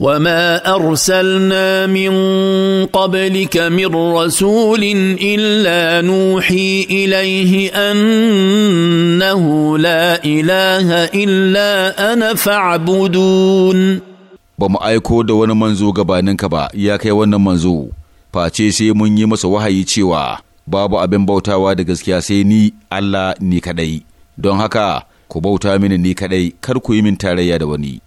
وما ارسلنا من قبلك من رسول الا نوحي اليه انه لا اله الا انا فاعبدون ba mu aiko da wani manzo gabaninka ba ya kai wannan manzo face sai mun yi masa wahayi cewa babu abin bautawa da gaskiya sai ni Allah ni kadai don haka ku bauta mini ni kadai kar ku yi min tarayya da wani